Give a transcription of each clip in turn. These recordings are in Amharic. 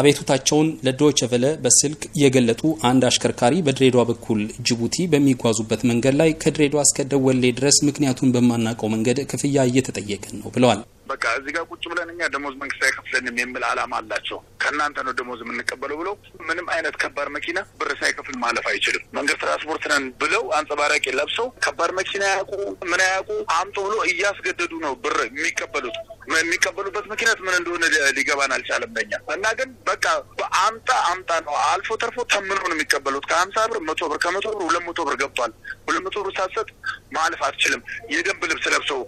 አቤቱታቸውን ለዶይቸ ቨለ በስልክ የገለጡ አንድ አሽከርካሪ በድሬዳዋ በኩል ጅቡቲ በሚጓዙበት መንገድ ላይ ከድሬዳዋ እስከ ደወሌ ድረስ ምክንያቱን በማናውቀው መንገድ ክፍያ እየተጠየቀን ነው ብለዋል። በቃ እዚህ ጋር ቁጭ ብለን እኛ ደሞዝ መንግስት አይከፍለንም የሚል አላማ አላቸው። ከእናንተ ነው ደሞዝ የምንቀበለው ብለው ምንም አይነት ከባድ መኪና ብር ሳይከፍል ማለፍ አይችልም። መንገድ ትራንስፖርት ነን ብለው አንጸባራቂ ለብሰው ከባድ መኪና ያውቁ ምን ያውቁ አምጡ ብሎ እያስገደዱ ነው ብር የሚቀበሉት። የሚቀበሉበት ምክንያት ምን እንደሆነ ሊገባን አልቻለም ለኛ እና ግን በቃ አምጣ አምጣ ነው። አልፎ ተርፎ ተምኖ ነው የሚቀበሉት። ከሀምሳ ብር መቶ ብር ከመቶ ብር ሁለት መቶ ብር ገብቷል። ሁለት መቶ ብር ሳትሰጥ ማለፍ አትችልም። የደንብ ልብስ ለብሰው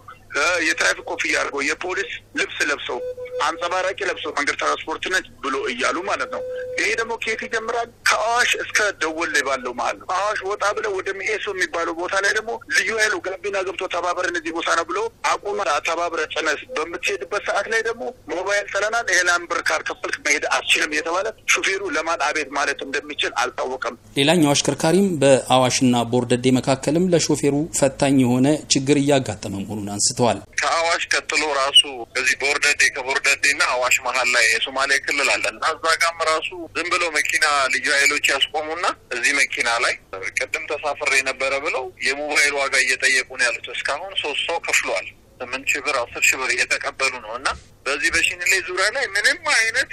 የትራፊክ ኮፍያ አድርገው የፖሊስ ልብስ ለብሰው አንጸባራቂ ለብሶ መንገድ ትራንስፖርት ነች ብሎ እያሉ ማለት ነው። ይሄ ደግሞ ኬት ይጀምራል ከአዋሽ እስከ ደወሌ ባለው መሀል ነው። አዋሽ ወጣ ብለ ወደ ሚኤሶ የሚባለው ቦታ ላይ ደግሞ ልዩ ኃይሉ ጋቢና ገብቶ ተባበረ እነዚህ ቦታ ነው ብሎ አቁመ ተባብረ ጭነስ በምትሄድበት ሰዓት ላይ ደግሞ ሞባይል ጥለናል ይሄላን ብር ካልከፈልክ መሄድ አትችልም የተባለ ሹፌሩ ለማን አቤት ማለት እንደሚችል አልታወቀም። ሌላኛው አሽከርካሪም በአዋሽና ቦርደዴ መካከልም ለሾፌሩ ፈታኝ የሆነ ችግር እያጋጠመ መሆኑን አንስተዋል። ከአዋሽ ቀጥሎ ራሱ በዚህ በወርደዴ ከቦርደዴ ና አዋሽ መሀል ላይ የሶማሌ ክልል አለ እና እዛ ጋም ራሱ ዝም ብሎ መኪና ልዩ ኃይሎች ያስቆሙና እዚህ መኪና ላይ ቅድም ተሳፍሬ ነበረ ብለው የሞባይል ዋጋ እየጠየቁ ነው ያሉት። እስካሁን ሶስት ሰው ከፍሏል። ስምንት ሽብር ብር፣ አስር ሺህ ብር እየተቀበሉ ነው እና በዚህ በሽንሌ ዙሪያ ላይ ምንም አይነት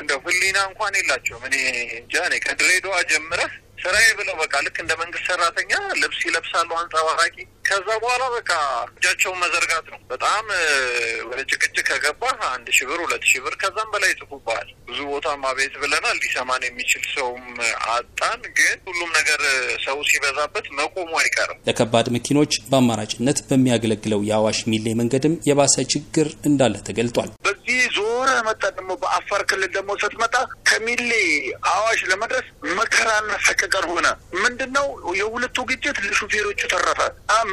እንደ ህሊና እንኳን የላቸውም። እኔ እንጃ ከድሬዳዋ ጀምረህ ስራዬ ብለው በቃ ልክ እንደ መንግስት ሰራተኛ ልብስ ይለብሳሉ አንጸባራቂ። ከዛ በኋላ በቃ እጃቸውን መዘርጋት ነው። በጣም ወደ ጭቅጭቅ ከገባ አንድ ሺ ብር፣ ሁለት ሺ ብር ከዛም በላይ ይጽፉብሃል። ብዙ ቦታም አቤት ብለናል። ሊሰማን የሚችል ሰውም አጣን። ግን ሁሉም ነገር ሰው ሲበዛበት መቆሙ አይቀርም። ለከባድ መኪኖች በአማራጭነት በሚያገለግለው የአዋሽ ሚሌ መንገድም የባሰ ችግር እንዳለ ተገልጧል። ዞረህ መጣ ደግሞ በአፋር ክልል ደግሞ ስትመጣ ከሚሌ አዋሽ ለመድረስ መከራና ሰቀቀን ሆነ። ምንድን ነው የሁለቱ ግጭት ለሹፌሮቹ ተረፈ።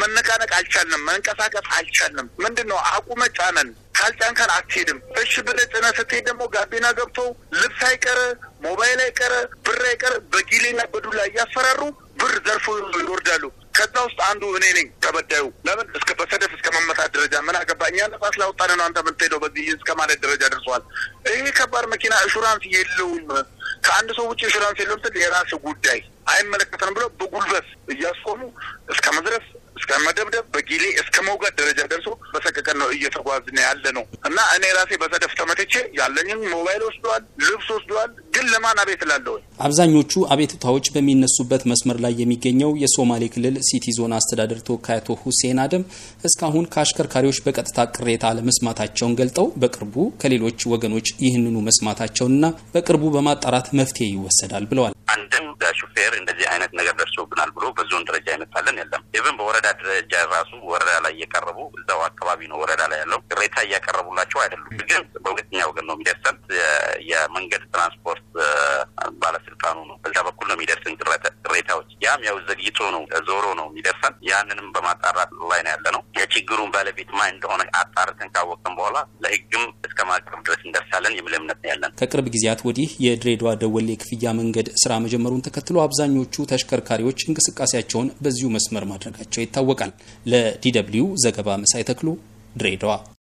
መነቃነቅ አልቻልንም፣ መንቀሳቀስ አልቻልንም። ምንድን ነው አቁመ ጫነን። ካልጫንካን አትሄድም። እሺ ብለህ ጭነህ ስትሄድ ደግሞ ጋቢና ገብቶ ልብስ አይቀር፣ ሞባይል አይቀር፣ ብር አይቀር በጊሌና በዱላ እያፈራሩ ብር ዘርፎ ይወርዳሉ። ከዛ ውስጥ አንዱ እኔ ነኝ ተበዳዩ። ለምን እስከ በሰደፍ እስከ መመታት ደረጃ ምን አገባ እኛ ነፋስ ላውጣን ነው አንተ የምትሄደው በዚህ እስከ ማለት ደረጃ ደርሰዋል። ይህ ከባድ መኪና ኢንሹራንስ የለውም ከአንድ ሰው ውጭ ኢንሹራንስ የለውም ስል የራስ ጉዳይ አይመለከተንም ብለው በጉልበት እያስቆሙ እስከ መዝረፍ እስከ መደብደብ በጊሌ እስከ መውጋት ደረጃ ደርሶ በሰቀቀን ነው እየተጓዝን ያለ ነው እና እኔ ራሴ በሰደፍ ተመትቼ ያለኝን ሞባይል ወስደዋል፣ ልብስ ወስደዋል፣ ግን ለማን አቤት እላለሁ። አብዛኞቹ አቤቱታዎች በሚነሱበት መስመር ላይ የሚገኘው የሶማሌ ክልል ሲቲ ዞን አስተዳደር ተወካይ አቶ ሁሴን አደም እስካሁን ከአሽከርካሪዎች በቀጥታ ቅሬታ አለመስማታቸውን ገልጠው በቅርቡ ከሌሎች ወገኖች ይህንኑ መስማታቸውንና በቅርቡ በማጣራት መፍትሄ ይወሰዳል ብለዋል። አንድም ሹፌር እንደዚህ አይነት ነገር ደርሶብናል ብሎ በዞን ደረጃ የመጣለን የለም። ኢቨን በወረዳ ደረጃ ራሱ ወረዳ ላይ እየቀረቡ እዛው አካባቢ ነው ወረዳ ላይ ያለው ቅሬታ እያቀረቡላቸው አይደሉም። ግን በሁለተኛ ወገን ነው የሚደርሰን የመንገድ ትራንስፖርት ያም ያው ዘግይቶ ነው ዞሮ ነው የሚደርሰን። ያንንም በማጣራት ላይ ነው ያለ ነው። የችግሩን ባለቤት ማን እንደሆነ አጣርተን ካወቅን በኋላ ለህግም እስከ ማቅረብ ድረስ እንደርሳለን የሚል እምነት ነው ያለን። ከቅርብ ጊዜያት ወዲህ የድሬዳዋ ደወሌ ክፍያ መንገድ ስራ መጀመሩን ተከትሎ አብዛኞቹ ተሽከርካሪዎች እንቅስቃሴያቸውን በዚሁ መስመር ማድረጋቸው ይታወቃል። ለዲ ደብልዩ ዘገባ መሳይ ተክሉ ድሬዳዋ